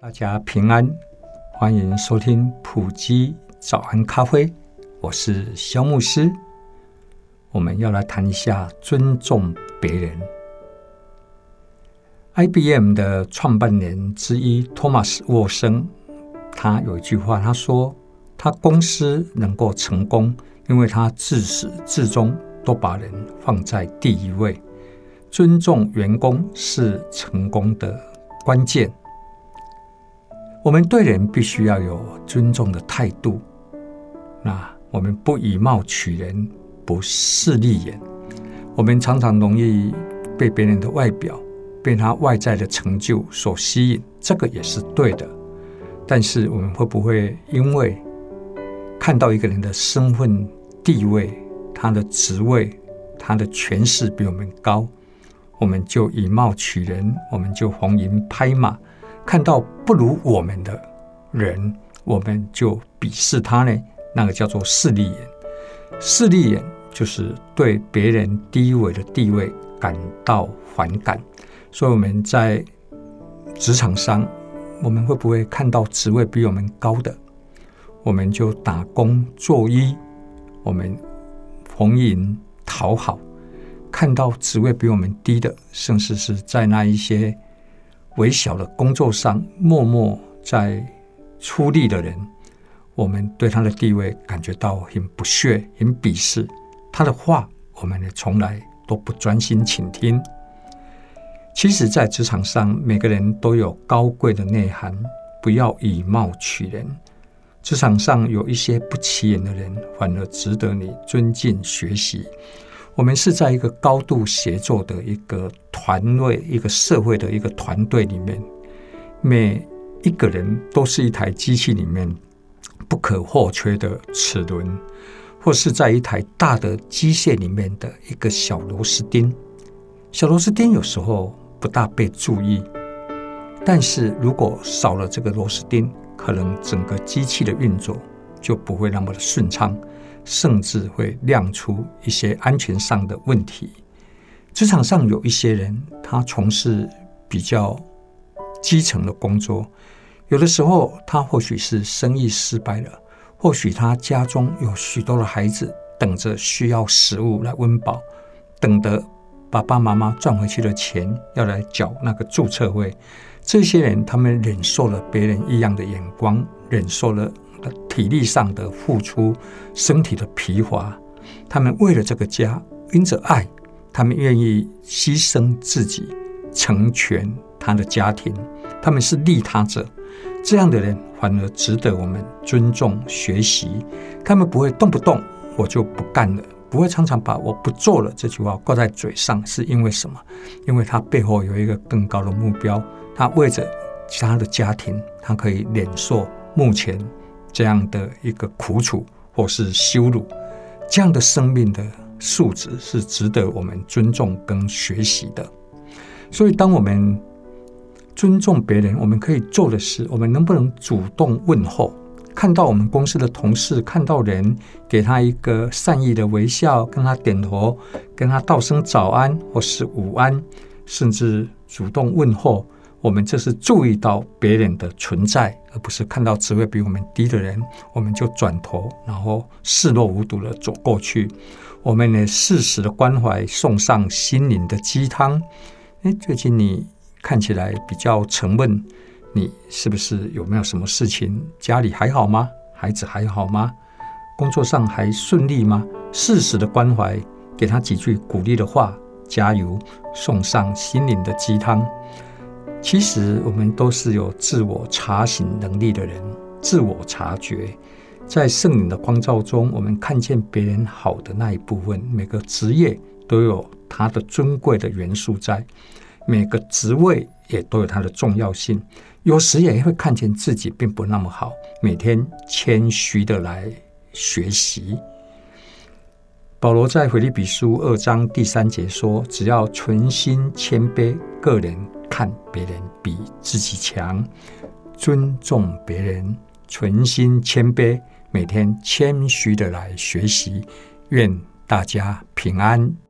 大家平安，歡迎收聽埔基早安咖啡，我是蕭牧師。我們要來談一下尊重別人。IBM 的創辦人之一托馬斯沃森，Watson，他有一句話，他說他公司能夠成功，因為他自始至終都把人放在第一位，尊重員工是成功的關鍵。我們對人必須要有尊重的態度。那我們不以貌取人，不勢利眼。我們常常容易被別人的外表、被他外在的成就所吸引，這個也是對的。但是我們會不會因為看到一個人的身份地位、他的職位、他的權勢比我們高，我們就以貌取人，我們就逢迎拍馬？看到不如我們的人，我們就鄙視他呢？那個叫做勢利眼。勢利眼就是對別人低微的地位感到反感。所以我們在職場上，我們會不會看到職位比我們高的，我們就打躬作揖，我們逢迎討好；看到職位比我們低的，甚至是在那一些。微小的工作上默默在出力的人，我們對他的地位感覺到很不屑、很鄙視。他的話，我們也從來都不專心傾聽。其實，在職場上，每個人都有高貴的內涵，不要以貌取人。職場上有一些不起眼的人，反而值得你尊敬、學習。我們是在一個高度協作的一個團隊、一個社會的一個團隊裡面，每一個人都是一台機器裡面不可或缺的齒輪，或是在一台大的機械裡面的一個小螺絲釘。小螺絲釘有時候不大被注意，但是如果少了這個螺絲釘，可能整個機器的運作就不會那麼的順暢。甚至會亮出一些安全上的問題。職場上有一些人，他從事比較基層的工作，有的時候他或許是生意失敗了，或許他家中有許多的孩子等着需要食物來溫飽，等着爸爸媽媽賺回去的錢要來繳那個註冊費。這些人，他們忍受了別人異樣的眼光，忍受了。體力上的付出，身體的疲乏，他們為了這個家，因着愛，他們願意犧牲自己，成全他的家庭。他們是利他者，這樣的人反而值得我們尊重學習。他們不會動不動我就不幹了，不會常常把我不做了這句話掛在嘴上，是因為什麼？因為他背後有一個更高的目標，他為着其他的家庭，他可以忍受目前。這樣的一個苦楚或是羞辱，這樣的生命的素質是值得我們尊重跟學習的。所以，當我們尊重別人，我們可以做的事，我們能不能主動問候？看到我們公司的同事，看到人，給他一個善意的微笑，跟他點頭，跟他道聲早安或是午安，甚至主動問候，我們就是注意到別人的存在。不是看到職位比我們低的人，我們就轉頭，然後視若無睹地走過去。我們呢，適時的關懷，送上心靈的雞湯。誒，最近你看起來比較沉悶，你是不是有沒有什麼事情？家裡還好嗎？孩子還好嗎？工作上還順利嗎？適時的關懷，給他幾句鼓勵的話，加油，送上心靈的雞湯。其實我們都是有自我查醒能力的人，自我察覺，在聖靈的光照中，我們看見別人好的那一部分。每個職業都有它的尊貴的元素在，每個職位也都有它的重要性。有時也會看見自己並不那麼好，每天謙虛的來學習。保羅在腓利比書二章第三節說：“只要存心謙卑，各人。”看別人比自己強，尊重別人，存心謙卑，每天謙虛的來學習。願大家平安。